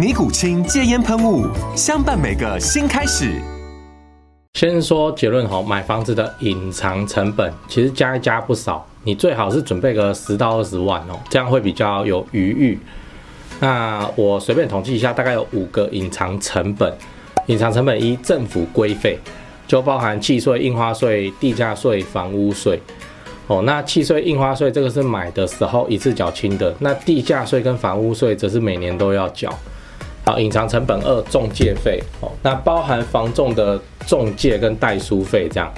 尼古清戒煙噴霧，相伴每個新開始。先說結論吼，買房子的隱藏成本其實加一加不少，你最好是準備個十到二十萬哦，這樣會比較有餘裕。那我隨便統計一下，大概有五個隱藏成本。隱藏成本一，政府規費，就包含契稅、印花稅、地價稅、房屋稅。哦，那契稅、印花稅這個是買的時候一次繳清的，那地價稅跟房屋稅則是每年都要繳。隱藏成本二，仲介費哦，那包含房仲的仲介跟代書費這樣，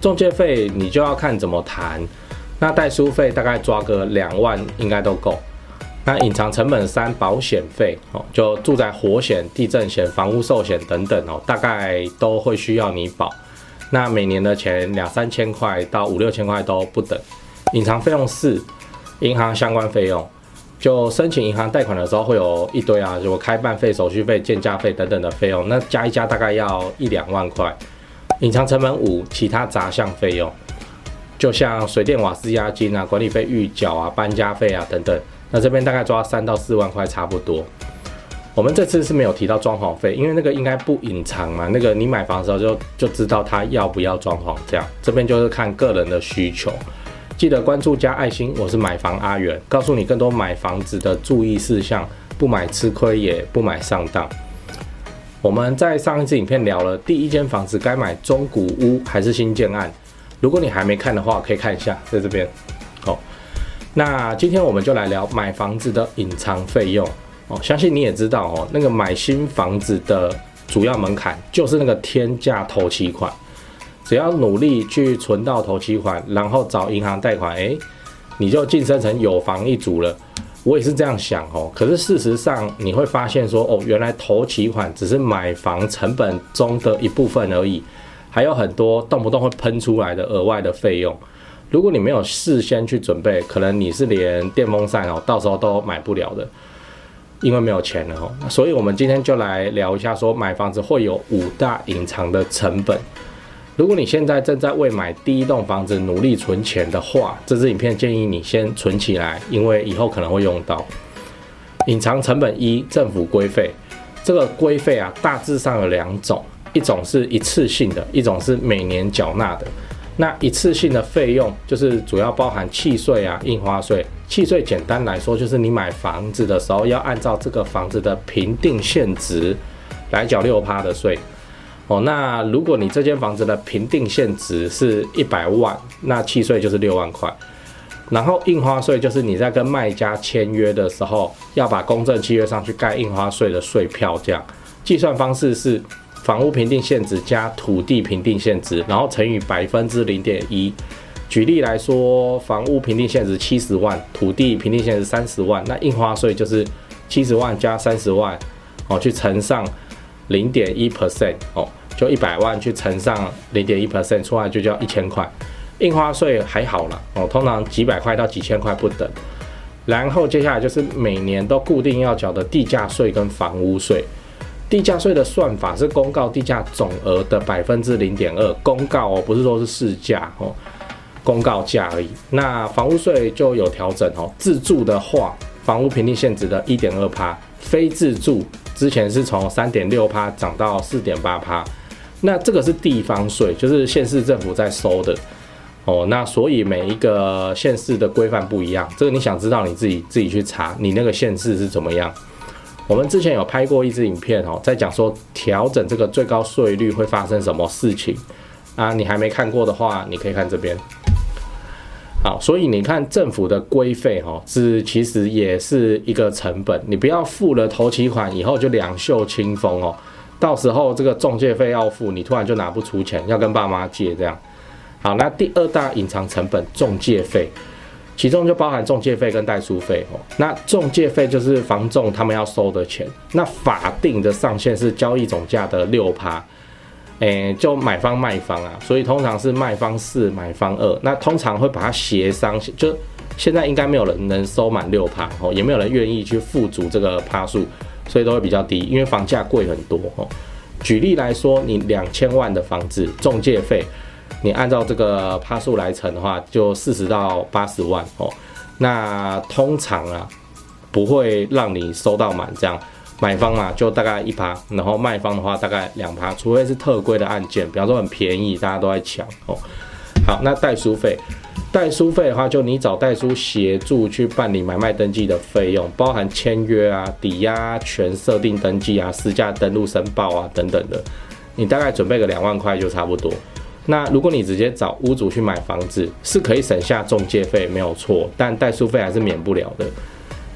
仲介費你就要看怎麼談，那代書費大概抓個兩萬應該都夠。那隱藏成本三，保險費哦，就住宅火險、地震險、房屋壽險等等哦，大概都會需要你保，那每年的錢兩三千塊到五六千塊都不等。隱藏費用四，銀行相關費用。就申請銀行貸款的時候，會有一堆啊，就開辦費、手續費、鑑價費等等的費用，那加一加大概要一兩萬塊。隱藏成本五，其他雜項費用，就像水電瓦斯押金啊、管理費預繳啊、搬家費啊等等，那這邊大概抓三到四萬塊差不多。我們這次是沒有提到裝潢費，因為那個應該不隱藏嘛，那個你買房的時候就就知道他要不要裝潢這樣，這邊就是看個人的需求。記得關注加愛心，我是買房阿元，告訴你更多買房子的注意事項，不買吃虧也不買上當。我們在上一次影片聊了第一間房子該買中古屋還是新建案，如果你還沒看的話，可以看一下，在這邊。好，哦，那今天我們就來聊買房子的隱藏費用。哦，相信你也知道哦，那個買新房子的主要門檻就是那個天價頭期款。只要努力去存到頭期款，然後找銀行貸款，誒，你就晉升成有房一族了。我也是這樣想哦。可是事實上，你會發現說，哦，原來頭期款只是買房成本中的一部分而已，還有很多動不動會噴出來的額外的費用。如果你沒有事先去準備，可能你是連電風扇哦，到時候都買不了的，因為沒有錢了哦。所以我們今天就來聊一下說，說買房子會有五大隱藏的成本。如果你現在正在為買第一棟房子努力存錢的話，這支影片建議你先存起來，因為以後可能會用到。隱藏成本一：政府規費。這個規費啊，大致上有兩種，一種是一次性的，一種是每年繳納的。那一次性的費用就是主要包含契稅啊、印花稅。契稅簡單來說就是你買房子的時候要按照這個房子的評定現值來繳六趴的稅。哦，那如果你這間房子的評定現值是一百萬，那契稅就是六萬塊，然後印花稅就是你在跟賣家簽約的時候要把公證契約上去蓋印花稅的稅票。這樣計算方式是房屋評定現值加土地評定現值，然後乘以百分之零點一。舉例來說，房屋評定現值七十萬，土地評定現值三十萬，那印花稅就是七十萬加三十萬，哦，去乘上零點一 percent，哦。就一百萬去乘上零點一 percent，出來就交一千塊。印花稅還好啦，哦，通常幾百塊到幾千塊不等。然後接下來就是每年都固定要繳的地價稅跟房屋稅。地價稅的算法是公告地價總額的百分之零點二，公告哦，不是說是市價哦，公告價而已。那房屋稅就有調整哦，自住的話，房屋評定現值的一點二趴，非自住之前是從三點六趴漲到四點八趴。那這個是地方稅，就是縣市政府在收的哦。那所以每一個縣市的規範不一樣，這個你想知道你自己自己去查，你那個縣市是怎麼樣。我們之前有拍過一支影片哦，在講說調整這個最高稅率會發生什麼事情啊？你還沒看過的話，你可以看這邊。好，所以你看政府的規費哦，是其實也是一個成本，你不要付了頭期款以後就兩袖清風哦。到時候這個仲介費，要付，你突然就拿不出錢，要跟爸媽借這樣。好，那第二大隱藏成本仲介費，其中就包含仲介費跟代書費哦。那仲介費就是房仲他們要收的錢，那法定的上限是交易總價的六趴，誒、欸，就買方賣方啊，所以通常是賣方四，買方二，那通常會把它協商，就現在應該沒有人能收滿六趴哦，也沒有人願意去付足這個趴數。所以都會比較低，因為房價貴很多哦。舉例來說，你兩千萬的房子，仲介費，你按照這個趴數來乘的話，就四十到八十萬哦。那通常啊，不會讓你收到滿這樣，買方嘛就大概一趴，然後賣方的話大概兩趴，除非是特規的案件，比方說很便宜，大家都在搶哦。好，那代書費。代書費的話，就你找代書協助去辦理買賣登記的費用，包含簽約啊、抵押權設定登記啊、實價登錄申報啊等等的，你大概準備個兩萬塊就差不多。那如果你直接找屋主去買房子，是可以省下仲介費沒有錯，但代書費還是免不了的。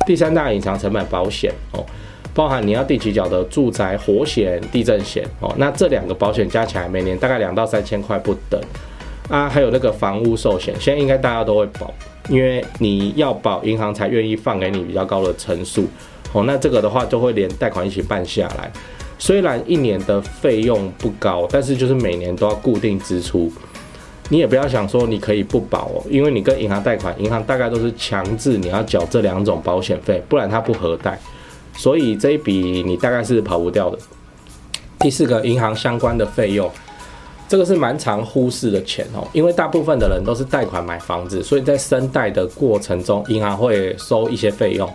第三大隱藏成本保，保險哦，包含你要定期繳的住宅火險、地震險哦，那這兩個保險加起來每年大概兩到三千塊不等。啊，還有那個房屋壽險，現在應該大家都會保，因為你要保銀行才願意放給你比較高的成數。哦。那這個的話就會連貸款一起辦下來。雖然一年的費用不高，但是就是每年都要固定支出。你也不要想說你可以不保哦，因為你跟銀行貸款，銀行大概都是強制你要繳這兩種保險費，不然它不核貸。所以這一筆你大概是跑不掉的。第四個，銀行相關的費用。這個是蠻常忽視的錢哦，因為大部分的人都是貸款買房子，所以在申貸的過程中，銀行會收一些費用，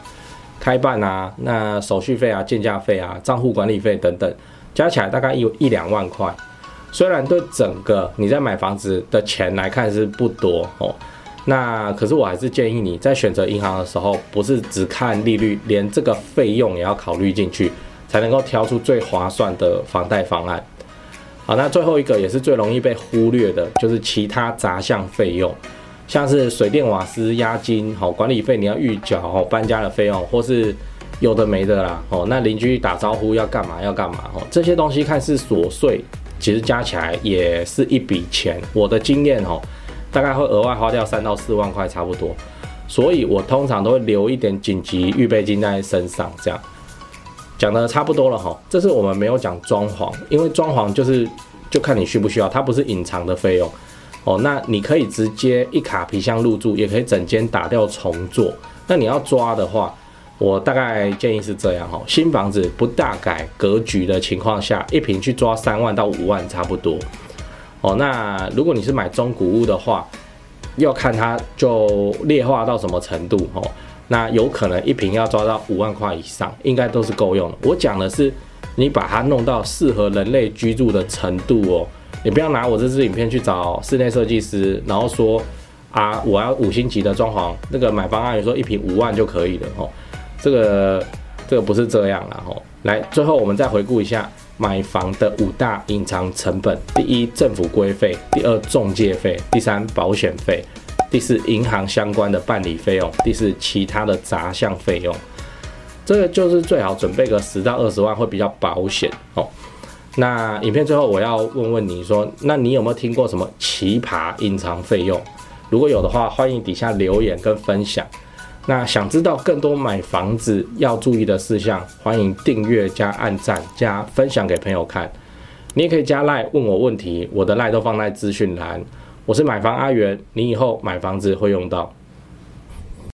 開辦啊、那手續費啊、鑑價費啊、賬戶管理費等等，加起來大概一一兩萬塊。雖然對整個你在買房子的錢來看是不多哦，那可是我還是建議你在選擇銀行的時候，不是只看利率，連這個費用也要考慮進去，才能夠挑出最划算的房貸方案。好，那最後一個也是最容易被忽略的，就是其他雜項費用，像是水電瓦斯押金、好、喔、管理費，你要預繳、喔、搬家的費用，或是有的沒的啦，哦、喔，那鄰居打招呼要幹嘛要幹嘛哦、喔，這些東西看似瑣碎，其實加起來也是一筆錢。我的經驗哦、喔，大概會額外花掉三到四萬塊差不多，所以我通常都會留一點緊急預備金在身上，這樣。講的差不多了，哈，這是我們沒有講裝潢，因為裝潢就是就看你需不需要，它不是隱藏的費用哦。那你可以直接一卡皮箱入住，也可以整間打掉重做。那你要抓的話，我大概建議是這樣哈，新房子不大改格局的情況下，一坪去抓三萬到五萬差不多。哦，那如果你是買中古屋的話，要看它就劣化到什麼程度哈。哦那有可能一坪要抓到五萬塊以上，應該都是夠用的。我講的是，你把它弄到適合人類居住的程度哦。你不要拿我這支影片去找室內設計師，然後說，啊，我要五星級的裝潢，那個買房阿元說一坪五萬就可以了哦。這個這個不是這樣，然後、哦、來，最後我們再回顧一下買房的五大隱藏成本：第一，政府規費；第二，仲介費；第三，保險費。第四，銀行相關的辦理費用；第四，其他的雜項費用。這個就是最好準備個十到二十萬會比較保險哦。那影片最後我要問問你說，那你有沒有聽過什麼奇葩隱藏費用？如果有的話，歡迎底下留言跟分享。那想知道更多買房子要注意的事項，歡迎訂閱加按讚加分享給朋友看。你也可以加 LINE 問我問題，我的 LINE 都放在資訊欄。我是買房阿元，你以後買房子會用到。